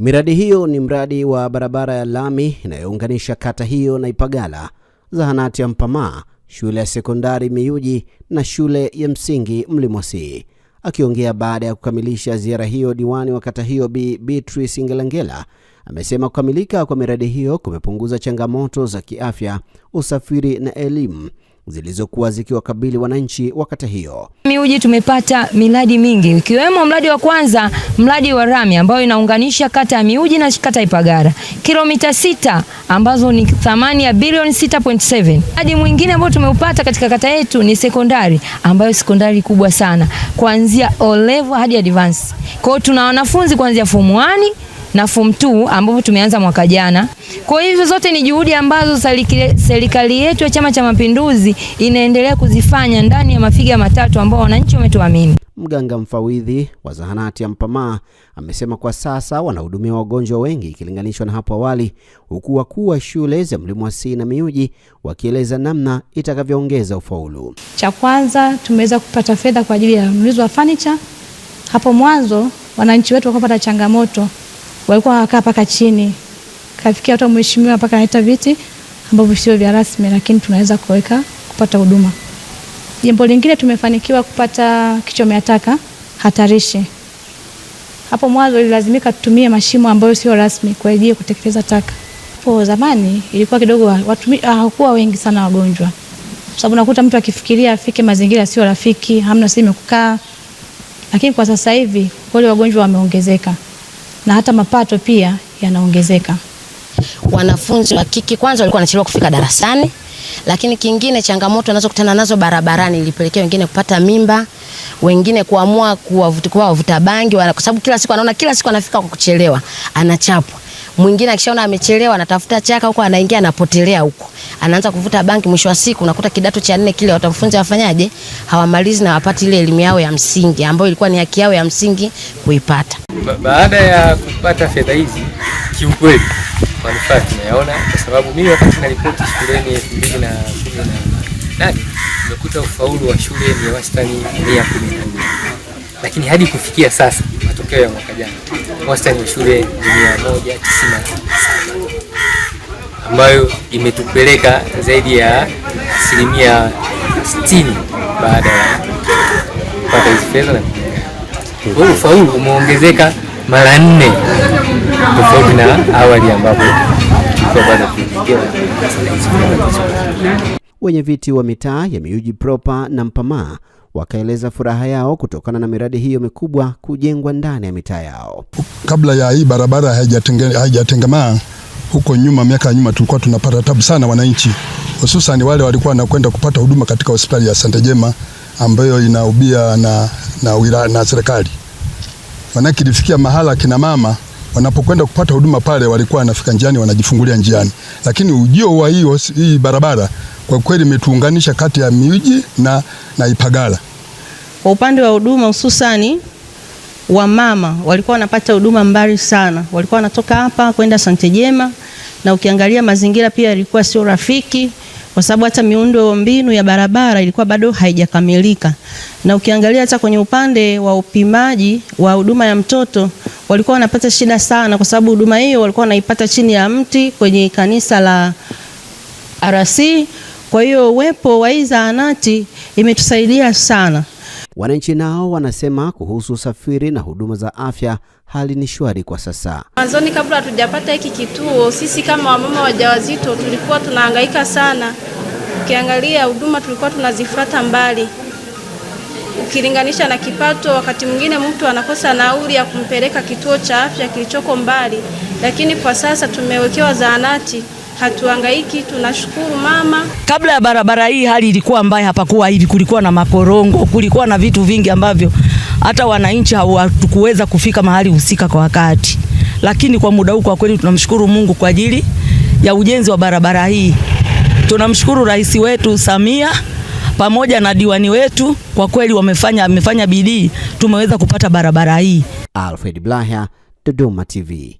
Miradi hiyo ni mradi wa barabara ya lami inayounganisha kata hiyo na Ipagala, zahanati ya Mpamaa, shule ya sekondari Miyuji na shule ya msingi Mlimosi. Akiongea baada ya kukamilisha ziara hiyo, diwani wa kata hiyo Bi Beatrice Ngelangela amesema kukamilika kwa miradi hiyo kumepunguza changamoto za kiafya, usafiri na elimu zilizokuwa zikiwakabili wananchi wa kata hiyo. Miuji tumepata miradi mingi ikiwemo mradi wa kwanza, mradi wa rami ambayo inaunganisha kata ya Miuji na kata Ipagara kilomita sita ambazo ni thamani ya bilioni 6.7. Mradi mwingine ambao tumeupata katika kata yetu ni sekondari ambayo sekondari kubwa sana kuanzia O level hadi advance. Kwa hiyo tuna wanafunzi kuanzia form 1 na form 2 ambapo tumeanza mwaka jana. Kwa hivyo zote ni juhudi ambazo serikali yetu ya Chama cha Mapinduzi inaendelea kuzifanya ndani ya mafiga matatu ambao wananchi wametuamini. Mganga mfawidhi wa zahanati ya Mpamaa amesema kwa sasa wanahudumia wagonjwa wengi ikilinganishwa na hapo awali, huku wakuu wa shule za si na miuji wakieleza namna itakavyoongeza ufaulu. Cha kwanza tumeweza kupata fedha kwa ajili ya mnunuzi wa fanicha. Hapo mwanzo wananchi wetu wakapata changamoto walikuwa wakaa mpaka chini, kafikia hata mheshimiwa mpaka anaita viti ambavyo sio vya rasmi, lakini tunaweza kuweka kupata huduma. Jambo lingine tumefanikiwa kupata kichomea taka hatarishi. Hapo mwanzo ililazimika tutumie mashimo ambayo sio rasmi kwa ajili ya kutekeleza taka. Hapo zamani ilikuwa kidogo watu ah, hawakuwa wengi sana wagonjwa, sababu nakuta mtu akifikiria afike mazingira sio rafiki, hamna sehemu ya kukaa, lakini kwa sasa hivi wale wagonjwa wameongezeka na hata mapato pia yanaongezeka. Wanafunzi wa kike kwanza walikuwa wanachelewa kufika darasani, lakini kingine changamoto anazokutana nazo barabarani ilipelekea wengine kupata mimba, wengine kuamua kuwavuta bangi, kwa sababu kila siku anaona kila siku anafika kwa kuchelewa, anachapwa Mwingine akishaona amechelewa anatafuta chaka huko anaingia anapotelea huko. Anaanza kuvuta banki, mwisho wa siku unakuta kidato cha nne kile watamfunza wafanyaje? Hawamalizi na wapati ile elimu yao ya msingi ambayo ilikuwa ni haki yao ya msingi kuipata. Ba baada ya kupata fedha hizi kiukweli manufaa tunayaona kwa sababu mimi wakati nalipoti shuleni elfu mbili na kumi na nane nimekuta ufaulu wa shule ni wastani mia kumi na nne lakini hadi kufikia sasa matokeo ya mwaka jana wastani wa shule mia moja tisini na saba ambayo imetupeleka zaidi ya asilimia sitini baada ya kupata hizi fedha. Kwa ufaulu umeongezeka mara nne tofauti na awali ambapo wenye viti wa mitaa ya Miyuji propa na Mpamaa wakaeleza furaha yao kutokana na miradi hiyo mikubwa kujengwa ndani ya mitaa yao. Kabla ya hii barabara haijatengemaa, huko nyuma, miaka ya nyuma, tulikuwa tunapata tabu sana wananchi, hususan wale walikuwa wanakwenda kupata huduma katika hospitali ya Santa Jema ambayo inaubia na, na, na, na serikali. Manake ilifikia mahala kina mama wanapokwenda kupata huduma pale walikuwa wanafika njiani wanajifungulia njiani, lakini ujio wa hiyo hii barabara kwa kweli imetuunganisha kati ya miji na, na Ipagala. Kwa upande wa huduma hususani mama walikuwa wanapata huduma mbali sana, walikuwa wanatoka hapa kwenda Santejema, na ukiangalia mazingira pia yalikuwa sio rafiki, kwa sababu hata miundo mbinu ya barabara ilikuwa bado haijakamilika, na ukiangalia hata kwenye upande wa upimaji wa huduma ya mtoto walikuwa wanapata shida sana, kwa sababu huduma hiyo walikuwa wanaipata chini ya mti kwenye kanisa la RC. Kwa hiyo uwepo wa hii zahanati imetusaidia sana. Wananchi nao wanasema kuhusu usafiri na huduma za afya, hali ni shwari kwa sasa. Mwanzoni, kabla hatujapata hiki kituo, sisi kama wamama wajawazito tulikuwa tunahangaika sana. Ukiangalia huduma tulikuwa tunazifuata mbali ukilinganisha na kipato. Wakati mwingine mtu anakosa nauli ya kumpeleka kituo cha afya kilichoko mbali, lakini kwa sasa tumewekewa zahanati hatuangaiki tunashukuru mama. Kabla ya barabara hii hali ilikuwa mbaya, hapakuwa hivi, kulikuwa na makorongo, kulikuwa na vitu vingi ambavyo hata wananchi hawatukuweza kufika mahali husika kwa wakati. Lakini kwa muda huu kwa kweli tunamshukuru Mungu kwa ajili ya ujenzi wa barabara hii. Tunamshukuru rais wetu Samia pamoja na diwani wetu, kwa kweli wamefanya amefanya bidii, tumeweza kupata barabara hii. Alfred Blaha, Dodoma TV.